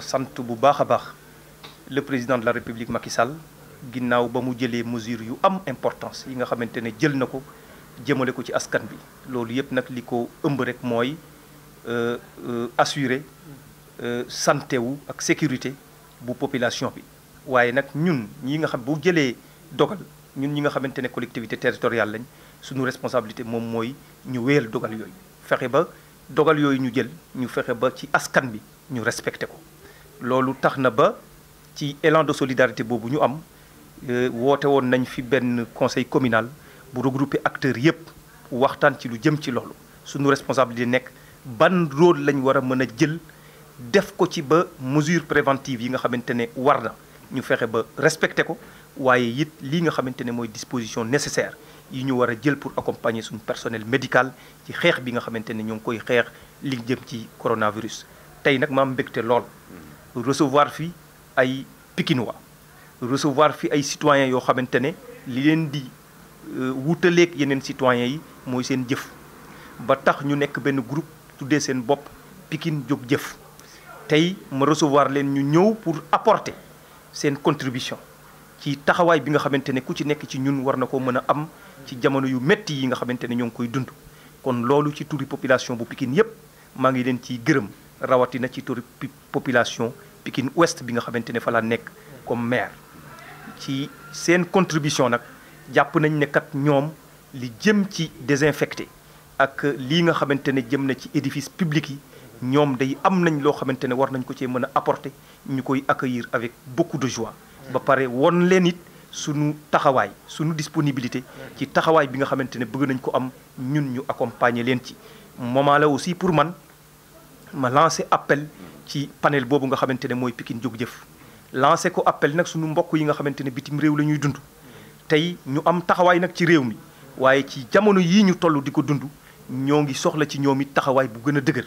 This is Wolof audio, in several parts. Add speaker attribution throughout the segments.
Speaker 1: sant bu baax a baax le président de la république Macky Sall ginnaaw ba mu jëlee mesures yu am importance yi nga xamante ne jël na ko jëmale ko ci askan bi loolu yëpp nag li ko ëmb rek mooy euh, euh, assurer euh, santé wu ak sécurité bu population bi waaye nag ñun ñi nga xam bu jëlee dogal ñun ñi nga xamante ne collectivité territoriale lañ suñu responsabilité moom mooy ñu wéyal dogal yooyu fexe ba dogal yooyu ñu jël ñu fexe ba ci askan bi ñu respecté ko lolu taxna ba ci élan de solidarité bobu ñu am euh, woote won nañ fi benn conseil communal bu regrouper acteurs yépp waxtaan ci lu jëm ci lolu suñu responsabilité nek ban rôle lañ wara mëna jël def ko ci ba mesure préventive yi nga xamante ne ñu fexé ba respecter ko waaye yit li nga xamante moy disposition nécessaire yi ñu wara jël pour accompagner suñu personnel médical ci xeex bi nga xamante ne koy xeex li jëm ci coronavirus nak ma am mbégte lool recevoir fi ay Pikinois recevoir fi ay citoyens yo xamantene li len di euh, wutaleeg yenen citoyens yi moy sen jëf ba tax ñu nek ben groupe tuddé sen bop Pikine jóg jëf tay ma recevoir len ñu ñëw pour apporter sen contribution ci taxaway bi nga xamantene ku ci nek ci ñun war na am ci jamono yu metti yi nga xamantene ñong koy dund kon lolu ci turi population bu Pikine yépp ma ngi len ci na ci tour population Pikine Ouest bi nga xamantene fa la nek comme maire ci sen contribution nak japp nañ ne kat ñom li jëm ci désinfecté ak li nga xamantene jëm na ci édifice public yi ñoom day am nañ lo xamantene war nañ ko ci mëna apporter ñukoy accueillir avec beaucoup de joie ba paré won leen nit suñu taxaway suñu disponibilité ci taxaway bi nga xamantene bëgg nañ ko am ñun ñu accompagner leen ci moment la aussi pour man ma lancé appel ci panel boobu nga xamante ne mooy Pikine jóg jëf lancé ko appel nag suñu mbokk yi nga xamante ne bitim réew la ñuy dund tey ñu am taxawaay nag ci réew mi waaye ci jamono yii ñu toll di ko dund ñoo ngi soxla ci ñoom it taxawaay bu gën a dëgër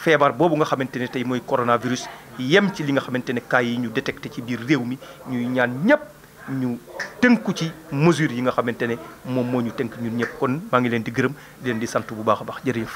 Speaker 1: feebar boobu nga xamante ne tey mooy coronavirus yem ci li nga xamante ne kaa yi ñu détecté ci biir réew mi ñuy ñaan ñëpp ñu tënku ci mesures yi nga xamante ne moom moo ñu tënk ñun ñëpp kon maa ngi leen di gërëm di leen di sant bu baax a baax jërëjëf.